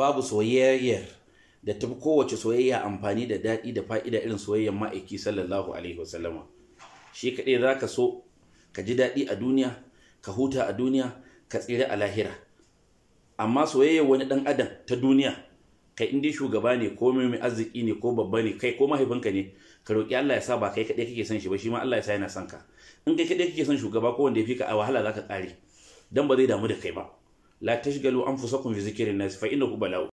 babu soyayyar da tafi kowace soyayya amfani da daɗi da fa'ida irin soyayyar ma'aiki sallallahu alaihi wasallama shi kaɗai za ka so ka ji daɗi a duniya ka huta a duniya ka tsira a lahira amma soyayyar wani ɗan adam ta duniya kai in shugaba ne ko mai arziki ne ko babba ne kai ko mahaifinka ne ka roƙi Allah ya sa ba kai kaɗai kake son shi ba shi ma Allah ya sa yana son ka in kai kaɗai kake son shugaba ko wanda ya fi ka a wahala za ka ƙare dan ba zai damu da kai ba la tashgalu anfusakum bi dhikri nas fa innahu bala'u